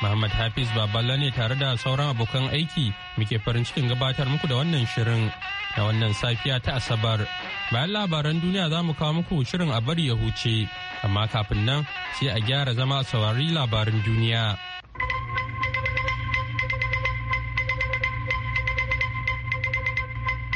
Muhammad Hafiz Baballa ne tare da sauran abokan aiki muke farin cikin gabatar muku da wannan shirin da wannan safiya ta Asabar. Bayan labaran duniya za mu kawo muku shirin a bari ya huce, amma kafin nan sai a gyara zama a saurari labarin duniya.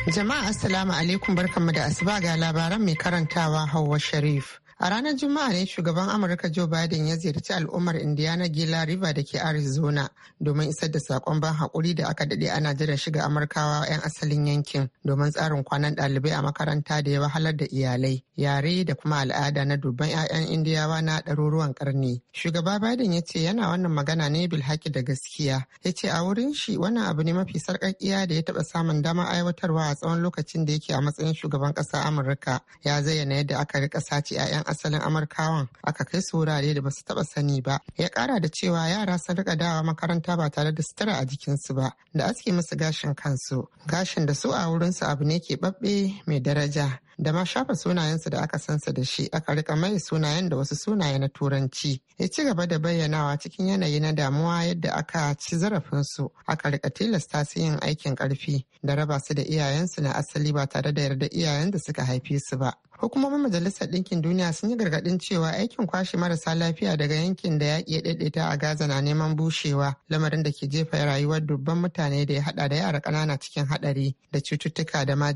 Jama'a Assalamu alaikum barkanmu da asuba ga labaran mai karantawa Hauwa Sharif. A ranar Juma'a ne shugaban Amurka Joe Biden ya ziyarci al'ummar Indiana Gila River da ke Arizona domin isar da sakon ban haƙuri da aka dade ana jiran shiga Amurkawa 'yan asalin yankin domin tsarin kwanan ɗalibai a makaranta da ya wahalar da iyalai, yare da kuma al'ada na dubban 'ya'yan Indiyawa na ɗaruruwan ƙarni. Shugaba Biden ya ce yana wannan magana ne bilhaki da gaskiya. Ya ce a wurin shi wannan abu ne mafi sarƙaƙiya da ya taɓa samun damar aiwatarwa a tsawon lokacin da yake a matsayin shugaban ƙasa Amurka. Ya zayyana yadda aka riƙa sace 'ya'yan asalin amurkawan aka kai su wurare da basu taba sani ba ya kara da cewa yara sun rika dawa makaranta ba tare da sutura a jikinsu ba da aske musu gashin kansu gashin da su a wurinsu abu ne ke babbe mai daraja da ma shafa sunayensu da aka sansa da shi aka rika mai sunayen da wasu sunaye na turanci ya ci gaba da bayyanawa cikin yanayi na damuwa yadda aka ci zarafinsu aka rika tilasta su yin aikin karfi da raba su da iyayensu na asali ba tare da yarda iyayen da suka haife su ba hukumomin majalisar ɗinkin duniya sun yi gargaɗin cewa aikin kwashe marasa lafiya daga yankin da yaƙi ya daidaita a gaza na neman bushewa lamarin da ke jefa rayuwar dubban mutane da ya haɗa da yara ƙanana cikin haɗari da cututtuka da ma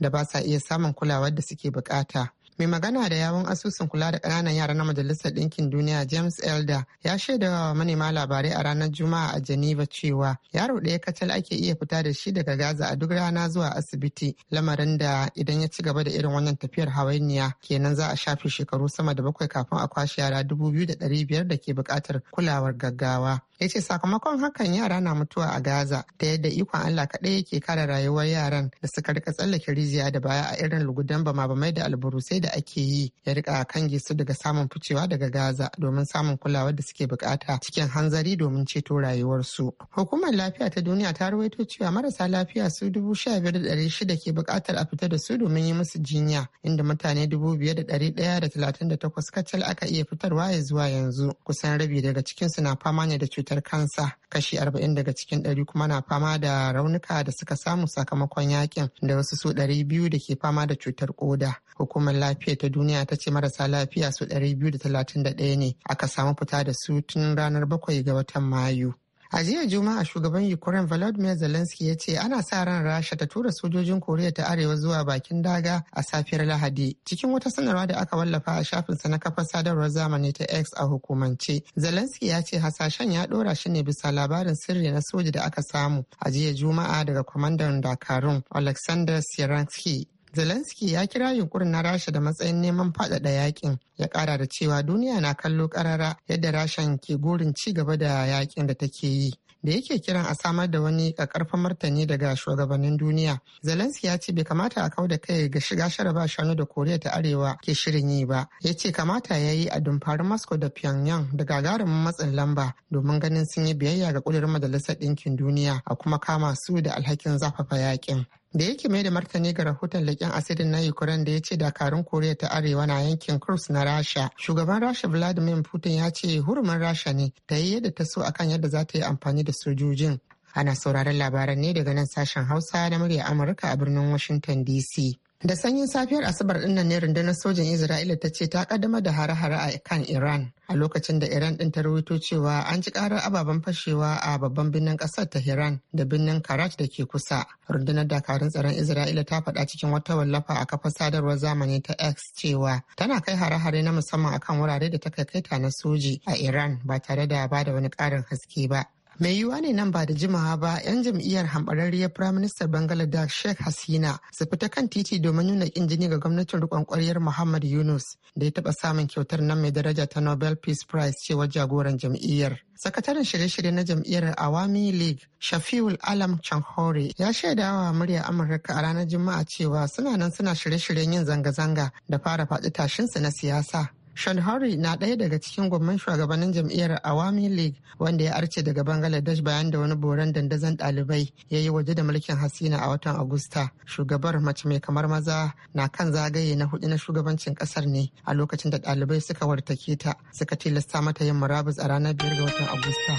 da ba sa iya samun kula kulawar da suke bukata. mai magana da yawon asusun kula da ƙananan yara na majalisar ɗinkin duniya james elder ya shaida wa manema labarai a ranar juma'a a geneva cewa yaro ɗaya kacal ake iya fita da shi daga gaza a duk rana zuwa asibiti lamarin da idan ya ci gaba da irin wannan tafiyar hawainiya kenan za a shafe shekaru sama da bakwai kafin a kwashe yara dubu biyu da ɗari biyar da ke buƙatar kulawar gaggawa ya ce sakamakon hakan yara na mutuwa a gaza ta yadda ikon allah kaɗai yake kare rayuwar yaran da suka rika tsallake rijiya da baya a irin lugudan bama mai da alburusai da ake yi ya rika kan su daga samun ficewa daga Gaza domin samun kulawar da suke bukata cikin hanzari domin ceto rayuwarsu. Hukumar lafiya ta duniya ta rawaito cewa marasa lafiya su dubu sha biyar da ɗari shida ke bukatar a fita da su domin yi musu jinya inda mutane dubu biyar da ɗari ɗaya da talatin da takwas kacal aka iya fitarwa ya zuwa yanzu kusan rabi daga cikinsu na fama ne da cutar kansa kashi arba'in daga cikin ɗari kuma na fama da raunuka da suka samu sakamakon yakin da wasu su ɗari biyu da ke fama da cutar koda Hukumar lafiya ta duniya ta ce marasa lafiya su 231 ne aka samu fita da su tun ranar bakwai ga watan Mayu. A jiya Juma'a shugaban Ukraine Volodymyr Zelensky ya ce ana sa ran Rasha ta tura sojojin Koriya ta Arewa zuwa bakin daga a safiyar Lahadi. Cikin wata sanarwa da aka wallafa a shafin sa na kafar sadarwar zamani ta X a hukumance, Zelensky ya ce hasashen ya dora shi ne bisa labarin sirri na soja da aka samu a jiya Juma'a daga kwamandan Dakarun Alexander Siransky. Zelensky ya kira yunkurin na Rasha da matsayin neman faɗaɗa yakin ya ƙara da cewa duniya na kallo ƙarara yadda Rashan ke gurin ci gaba da yakin da take yi. Da yake kiran a samar da wani ƙaƙƙarfan martani daga shugabannin duniya. Zelensky ya ce bai kamata a kau da kai ga shiga sharaba shanu da Koriya ta Arewa ke shirin yi ba. Ya ce kamata ya yi a dumfarin Moscow da Pyongyang da gagarumin matsin lamba domin ganin sun yi biyayya ga ƙudurin Majalisar Ɗinkin Duniya a kuma kama su da alhakin zafafa yakin. da yake mai da martani ga rahoton leƙen asirin na ukraine da ya ce dakarun koriya ta arewa na yankin kurs na rasha shugaban rasha vladimir putin ya ce hurumin rasha ne ta yi yadda ta so akan yadda za ta yi amfani da sojojin ana sauraron labaran ne daga nan sashen hausa na murya amurka a birnin washington dc Da sanyin safiyar Asabar ɗinnan ne rundunar sojan Isra'ila ta ce ta kaddama da hare-hare a kan Iran a lokacin da Iran ɗin ta rubuto cewa an ji karar ababen fashewa a babban birnin ƙasar Tehran da birnin Karaj da ke kusa. Rundunar dakarun tsaron Isra'ila ta faɗa cikin wata wallafa a kafar sadarwar zamani ta X cewa tana kai hare-hare na musamman akan wurare da ta kai na soji a Iran ba tare da ba da wani ƙarin haske ba. mai yiwuwa ne nan ba da jimawa ba 'yan jam'iyyar hambararriyar firaministan bangladesh sheikh hasina su fita kan titi domin nuna kin jini ga gwamnatin rikon kwaryar muhammad yunus da ya taɓa samun kyautar nan mai daraja ta nobel peace prize cewar jagoran jam'iyyar sakataren shirye-shirye na jam'iyyar awami league shafiul alam Chanhori ya shaidawa murya amurka a ranar juma'a cewa suna nan suna shirye-shiryen yin zanga-zanga da fara faɗi tashinsu na siyasa Sean Harry na ɗaya daga cikin gwamman shugabannin jam'iyyar Awami League wanda ya arce daga Bangladesh bayan da wani boran dandazon ɗalibai ya yi waje da mulkin Hasina a watan Agusta. Shugabar mace mai kamar maza na kan zagaye na hudu na shugabancin ƙasar ne a lokacin da ɗalibai suka wartake ta suka tilasta mata yin murabus a ranar biyar ga watan Agusta.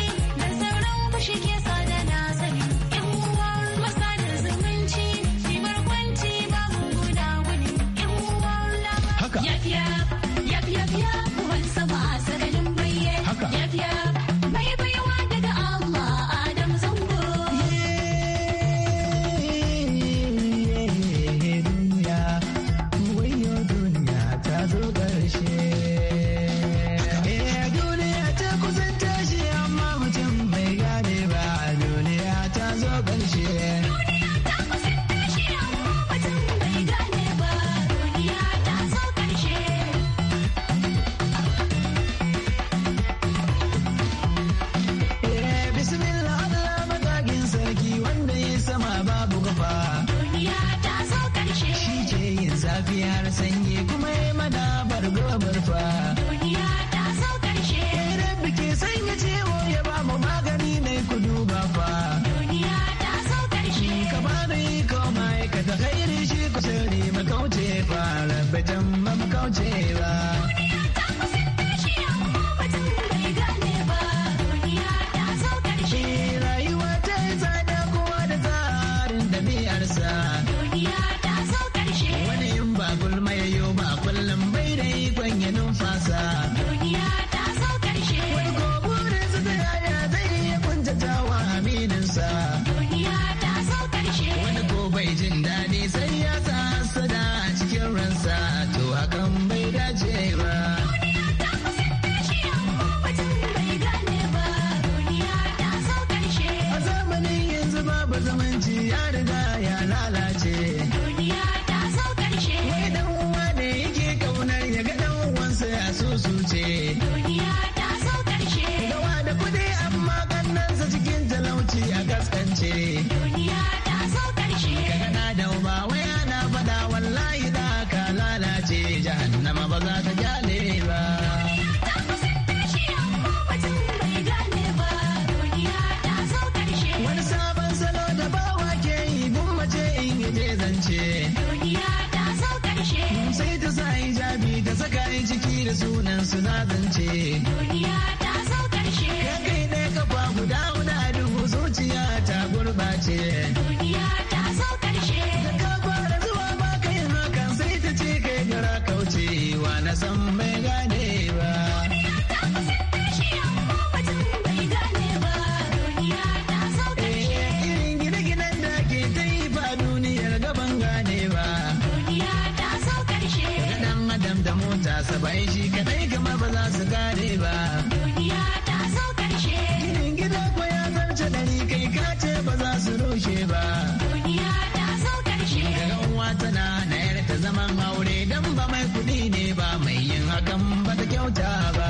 kyauta ba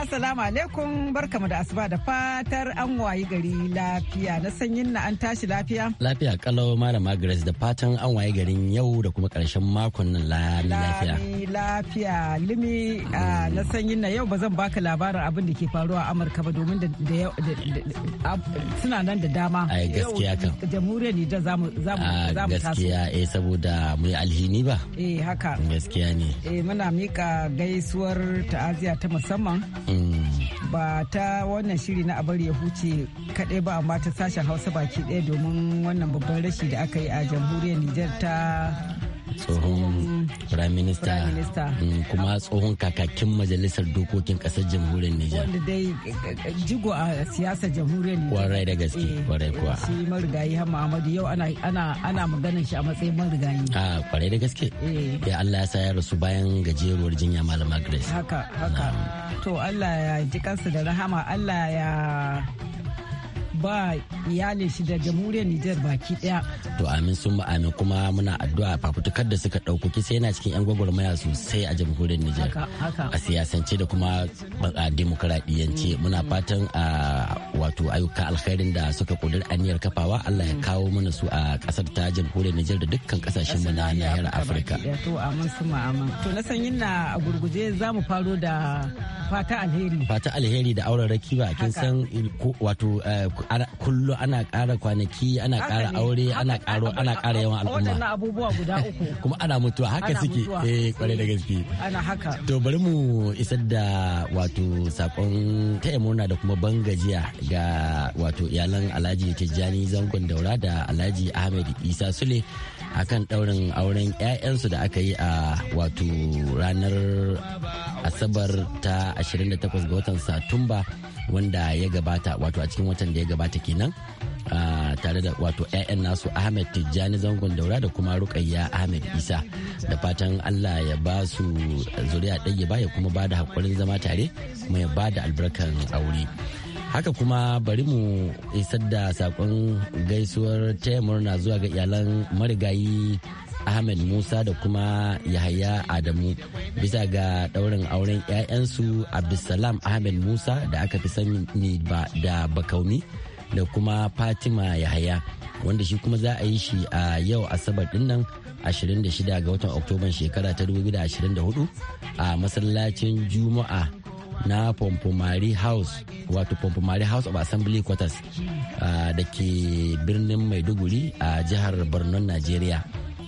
Assalamu alaikum barkamu da asuba da fatar an wayi gari lafiya na sanyin na an tashi lafiya. Lafiya kalau malama Grace da fatan an wayi garin yau da kuma karshen makon nan lafiya. Lafiya limi na sanyin na yau ba zan baka labarin abin da ke faruwa a Amurka ba domin da suna nan da dama. Ai gaskiya kan. Jamhuriyar ni da ah, za mu taso. Gaskiya eh saboda mu yi alhini ba. Eh haka. Gaskiya ne. Eh muna mika gaisuwar ta'aziya ta musamman. ba ta wannan shiri na abar ya huce kaɗai ba amma ta sashen hausa baki ɗaya domin wannan babban rashi da aka yi a jamhuriyar nijar ta tsohon prime minister mm, kuma tsohon kakakin majalisar dokokin kasar jamhuriyar Nijar. Wanda dai eh, eh, jigo a siyasar jamhuriyar Nijar. Kwarai da gaske, eh, kwarai kuwa. Shi marigayi hama amadu yau ana maganin ana shi a matsayin marigayi. A ah, kwarai da gaske. Ya Allah ya sa ya rasu bayan gajeruwar jinya malama Grace. Haka haka. To Allah ya ji kansu da rahama Allah ya ba iyalin shi da jamhuriyar Nijar baki daya. To amin sun ba amin kuma muna addu'a fafutukar da suka ɗauko kisa yana cikin 'yan gwagwarmaya sosai a jamhuriyar Nijar. A siyasance da kuma a demokuraɗiyyance mm. muna fatan a wato ayyuka alkhairin da suka kudur aniyar kafawa Allah ya mm. kawo mana su a kasar ta jamhuriyar Nijar da dukkan kasashen mu na nahiyar Afirka. To amin sun amin. To na san na a gurguje za mu faro da fata alheri. Fata alheri da auren rakiba kin san wato eh, kullu ana ƙara kwanaki ana ƙara aure ana ƙaro ana ƙara yawan al'umma abubuwa guda uku kuma ana mutuwa haka suke eh kwarai da gaske ana haka to bari mu isar da wato sakon taya murna da kuma bangajiya ga wato iyalan Alhaji Tijjani Zangon Daura da Alhaji Ahmed Isa Sule akan daurin auren 'ya'yansu da aka yi a wato ranar asabar ta 28 ga watan Satumba wanda ya gabata wato a cikin watan da ya gabata gabata kenan tare da wato 'ya'yan nasu ahmed tijjani zangon daura da kuma rukayya ahmed isa da fatan allah ya ba su zuriya ɗaya ba ya kuma ba da haƙurin zama tare kuma ya ba da albarkan aure haka kuma bari mu isar da saƙon gaisuwar taya murna zuwa ga iyalan marigayi ahmed musa da kuma yahaya adamu bisa ga ɗaurin auren 'ya'yansu abdulsalam ahmed musa da aka fi sani da bakauni. da kuma fatima yahaya wanda shi kuma za a yi shi a yau asabar dinnan 26 ga watan oktoban shekara ta 2024 a masallacin juma'a na pompomari house wato pompomari house of assembly quarters da ke birnin maiduguri a jihar borno nigeria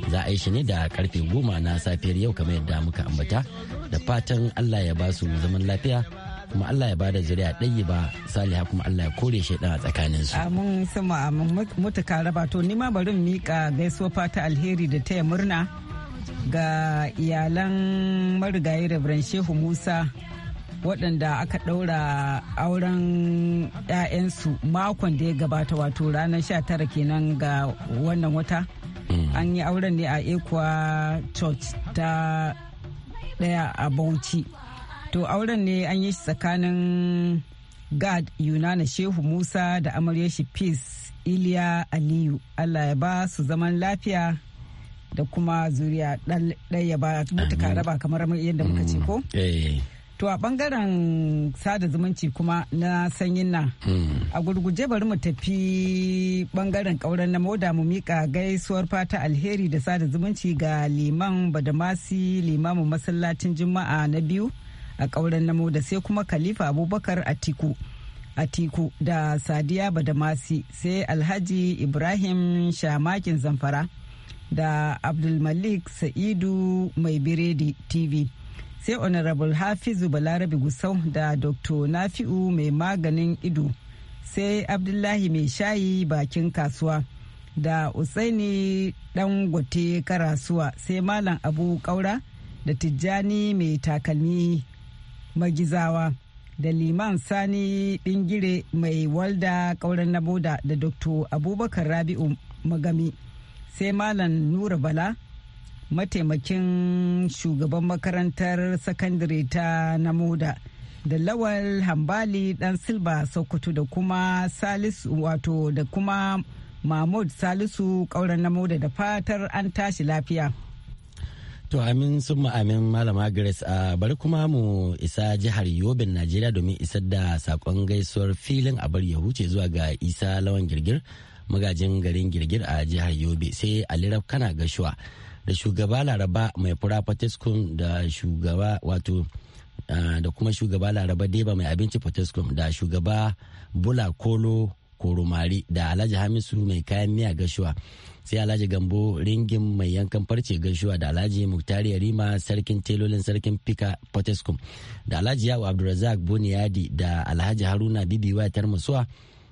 za a yi shi ne da karfe goma na safiyar yau kamar yadda muka ambata da fatan allah ya ba su zaman lafiya kuma Allah ya bada zuriya ɗayi ba saliha kuma Allah ya kore shaidan a tsakanin su. Amin sama amin mutuka raba to nima bari mika gaisuwa fata alheri da taya murna ga iyalan marigayi Reverend Shehu Musa waɗanda aka ɗaura auren 'ya'yansu makon da ya gabata wato ranar 19 kenan ga wannan wata mm. an yi auren ne a ekuwa church ta ɗaya a bauchi To auren ne an yi shi tsakanin Gad Yunana Shehu Musa da amaryar shi Peace Iliya Aliyu. Allah ya ba su zaman lafiya da kuma zuriya ya ba mutuka raba kamar yadda muka ce mm. ko? Eh. To a bangaren sada zumunci kuma na sanyin nan mm. a gurguje bari mu tafi bangaren kauran na moda mu miƙa gaisuwar fata alheri da sada zumunci ga liman badamasi limamin masallacin juma'a na biyu. a ƙauren namo da sai kuma khalifa abubakar atiku atiku da sadiya badamasi sai alhaji ibrahim shamakin zamfara da abdulmalik sa'idu mai biredi tv sai honorable hafizu balarabe gusau da dr nafi'u mai maganin ido sai abdullahi mai shayi bakin kasuwa da usaini gote karasuwa sai malam abu kaura da tijjani mai takalmi magizawa da liman sani bingire mai walda kauran naboda da dr abubakar rabi'u magami sai malam nura bala mataimakin shugaban makarantar sakandare ta namoda da lawal hambali dan silba sokoto da kuma salisu wato da kuma mahmud salisu kauran namoda da fatar an tashi lafiya To amin sun amin malama Grace a ah, bari kuma mu isa jihar Yobin Najeriya domin isar da sakon gaisuwar filin a bari ya huce zuwa ga Isa Lawan Girgir magajin garin Girgir a jihar Yobe sai Ali Kana Gashuwa da shugaba Laraba mai fura Fateskum da shugaba wato ah, da kuma shugaba Laraba Deba mai abinci Fateskum da shugaba Bula Kolo Koromari da Alhaji Hamisu mai kayan miya Gashuwa. sai alhaji gambo ringin mai yankan farce gaishuwa da alhaji muktari yarima sarkin telolin sarkin pika potescom da alhaji yawo abdulrazak boniyadi da alhaji haruna wayatar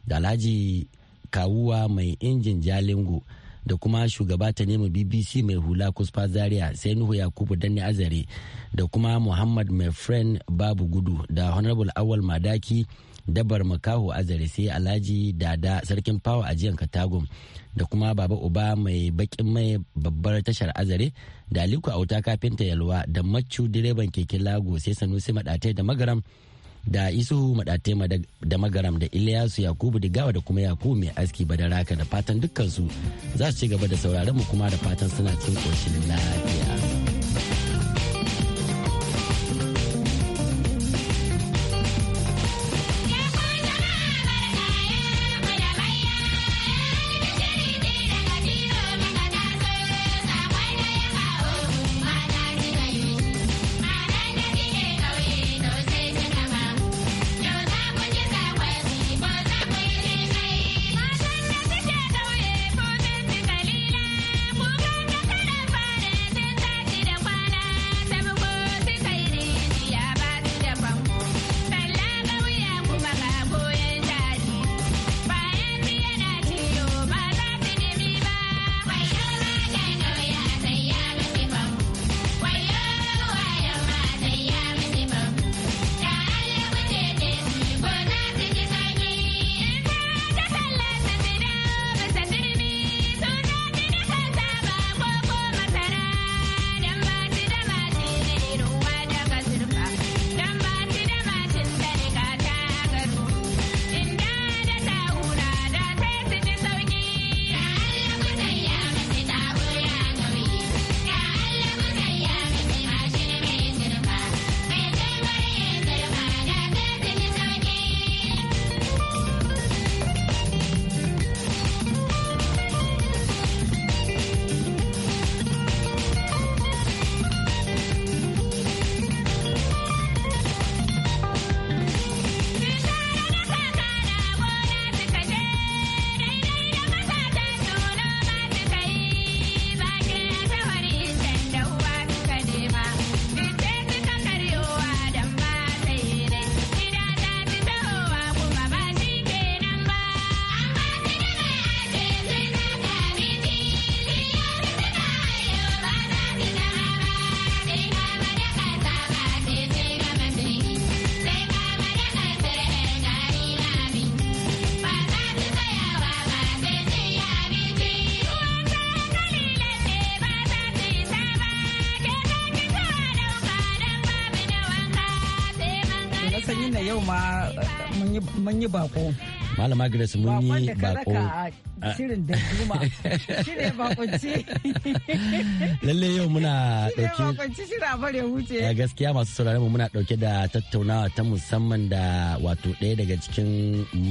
da alhaji kawuwa mai injin jalingo da kuma shugaba ta nemi bbc mai hula kuspa zaria sai nuhu yakubu danne azare da kuma muhammad mai friend babu gudu da honorable awal madaki dabar makaho azare sai alhaji dada sarkin fawa a jiyan katagum da kuma baba uba mai bakin mai babbar tashar azare da aliku auta kafinta yalwa da macu direban keken lago sai sanusi madatai da magaram da isuhu madatai da magaram da iliyasu yakubu digawa da kuma yakubu mai aski ba da raka. da fatan dukkansu za su ci gaba da sauraron mu kuma da fatan suna cin lafiya yau ma mun yi bako. Malama Grace mun yi bako. Shirin da shirin Lalle yau muna dauke. Shirin Gaskiya masu sauraron mu muna dauke da tattaunawa ta musamman da wato ɗaya daga cikin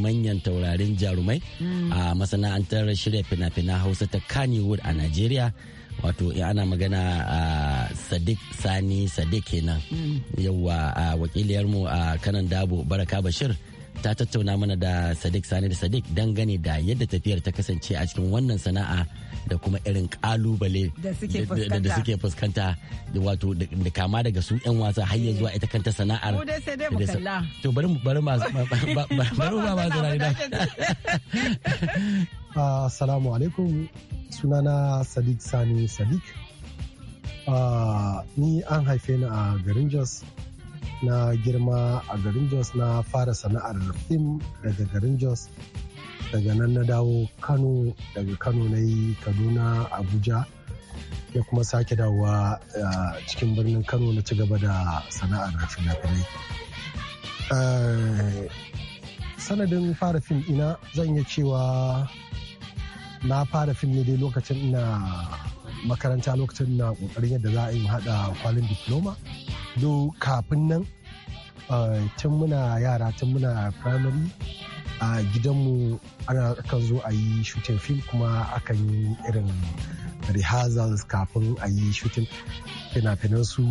manyan taurarin jarumai hmm. a masana'antar shirya fina-fina Hausa ta Kannywood a Najeriya. wato ana magana a sadiq sani sadiq kenan mm. yawa a wakiliyarmu a kanan dabo baraka bashir ta tattauna mana da sadiq sani da sadiq gane da yadda tafiyar ta kasance a cikin wannan sana'a da kuma irin kalubale da suke fuskanta wato da kama daga su 'yan wasa har ya zuwa ita kanta sana'ar to mu bari bari ma Ah, assalamu alaikum sunana Sadiq Sani Sadiq. Ah, ni an haife ni a garin Jos na girma a garin Jos na fara sana'ar fim daga garin Jos daga nan na dawo Kano daga Kano na yi Kaduna Abuja ya kuma sake dawowa ah, cikin birnin Kano na ci gaba da sana'ar fina-finai. sanadin fara fim ina zan iya cewa na fara fim ne dai lokacin ina makaranta lokacin na kokarin yadda za a yi hada kwalin diploma do kafin nan eh, tun muna yara tun muna primary a gidanmu ana kan zo a yi shooting film kuma akan yi irin rehearsals kafin a yi shooting fina-finan su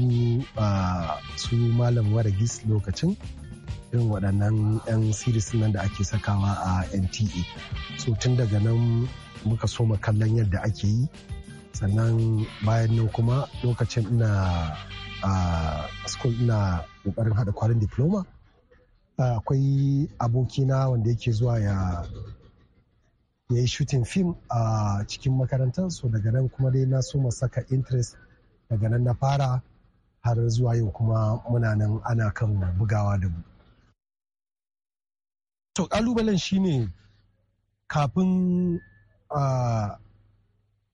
eh, su malam waragis lokacin irin waɗannan 'yan series nan da ake sakawa a nta so tun daga nan muka soma kallon yadda ake yi sannan bayan nan kuma lokacin ina a school ina ƙoƙarin haɗa kwalin diploma akwai abokina wanda yake zuwa ya ya yi shooting film a cikin makarantar so daga nan kuma dai na soma saka interest daga nan na fara har zuwa yau kuma muna nan ana kan bugawa da mu. to kalubalen shine kafin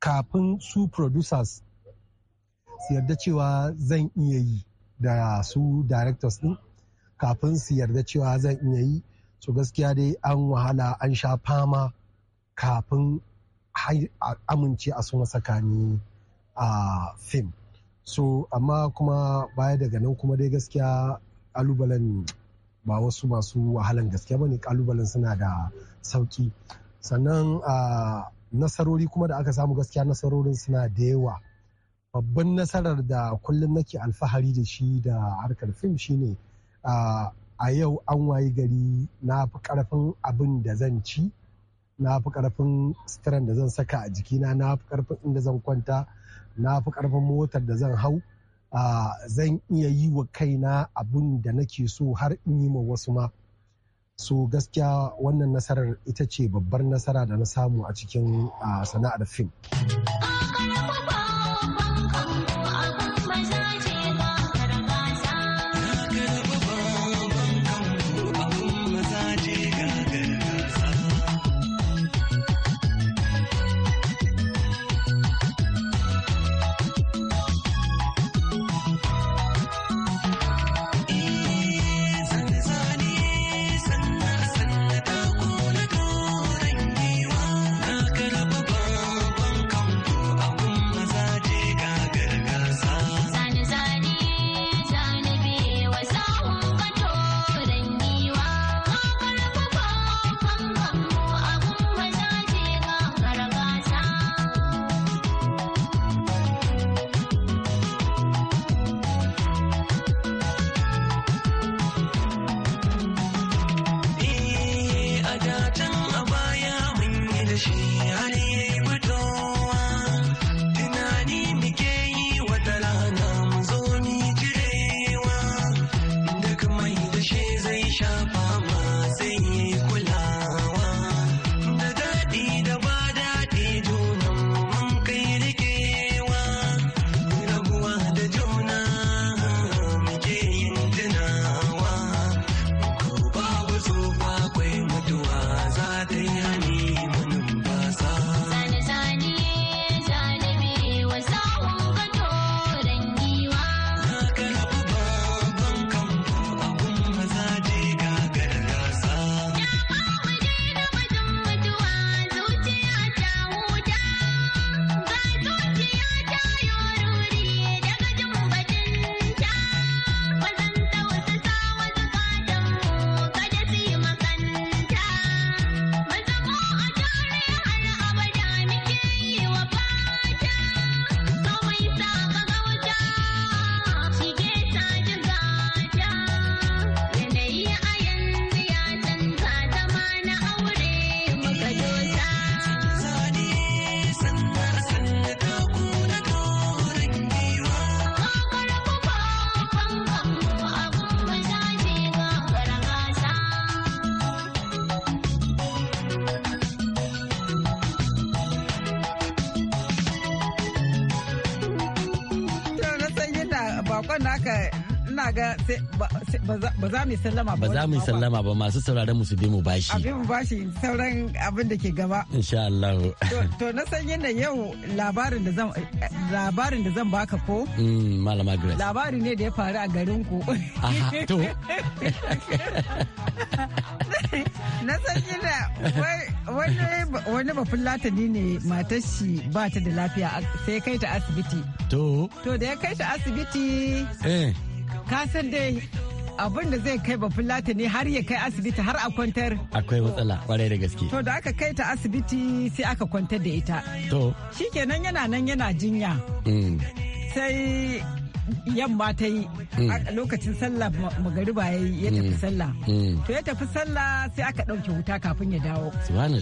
kafin su producers su yarda cewa zan iya yi da su directors din kafin su yarda cewa zan iya yi su gaskiya dai an wahala an sha fama kafin amince a suna tsakani a fim so amma kuma baya daga nan kuma dai gaskiya alubalen ba wasu masu wahalan gaske ba ne kalubalen suna da sauki sannan a nasarori kuma da aka samu gaskiya nasarorin suna da yawa babban nasarar da kullum nake alfahari da shi da harkar fim shine a yau an wayi gari na fi karfin abin da zan ci na fi karfin sitiran da zan saka a jikina na fi karfin inda zan kwanta na fi karfin motar da zan hau zan iya yi wa kaina abin da nake so har in yi ma wasu ma so gaskiya wannan nasarar ita ce babbar nasara da na samu a cikin sana'ar fim. Oh, ga ba za mu sallama ba za mu sallama ba masu sauraron musu bi mu bashi a bi mu bashi sauran abin da ke gaba insha Allah to na san yin yau labarin da zan labarin da zan baka ko mm, malama Grace labari ne da ya faru a garin ku to na san yana wani bafin latani ne matar shi ba ta da lafiya sai kai ta asibiti to to da ya kai ta asibiti eh ka san dai abin da zai kai bafulata ne har ya kai asibiti har a kwantar akwai matsala kwarai da gaske to da aka kai ta asibiti sai aka kwantar da ita to shikenan yana nan yana jinya mm. sai yamma ta yi hmm. lokacin sallah magariba ya yi ya tafi hmm. sallah hmm. to ya tafi sallah sai aka ɗauke wuta kafin ya dawo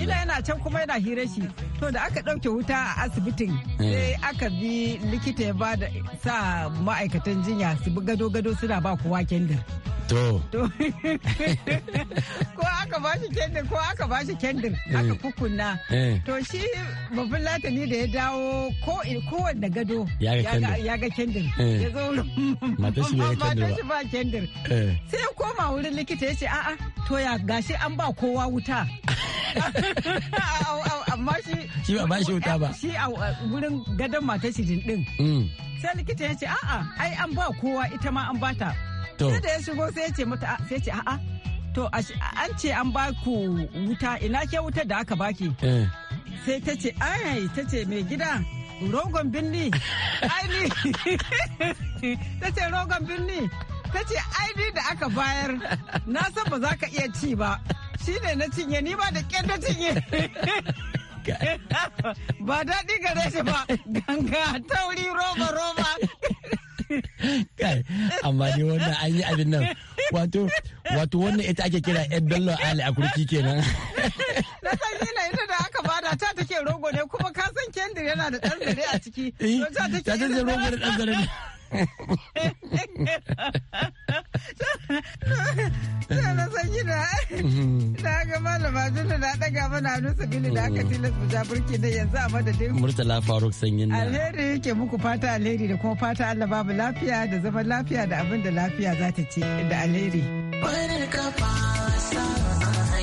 ina yana can kuma yana hira shi to da aka ɗauke wuta a asibitin sai aka bi likita ya ba da sa ma'aikatan jinya su bi gado-gado suna ba kowa kendir To. Ko aka ba shi kendir ko aka ba shi kendir aka kukunna. To shi babban latani da ya dawo ko kowanne gado ya ga kendir. zo mata shi ba kendir eh. sai ya koma wurin likita ya ce a'a to ya gashi an ba kowa wuta amma shi shi ba shi wuta ba shi a wurin gadon mata shi din din mm. sai likita ya ce a'a ai an ba kowa ita ma an bata sai da ya shigo sai ya ce mata sai ce a'a to an ce an ba ku wuta ina ke wutar da aka baki eh. sai ta ce ai ta ce mai gida rogon birni aini ta ce rogon birni ta ce aini da aka bayar na san ba za ka iya ci ba shi ne na cinye ni ba da ƙyar na cinye ba daɗi gare shi ba ganga tauri roba roba kai amma ni wannan an yi abin nan wato wato wannan ita ake kira yan bello ali a kurki kenan na san yana ita da aka bada ta take rogo ne kuma ka san kendir yana da dan zare a ciki eh, ta take rogo da dan zare ne sannan san yi da na ga malama juna na ɗaga mana hannu sabili da aka tilas mu burki da yanzu a madadin murtala faruk sanyin na alheri yake muku fata alheri da kuma fata allah babu lafiya da zaman lafiya da abin da lafiya za ta ce da alheri. Wani kafa sa a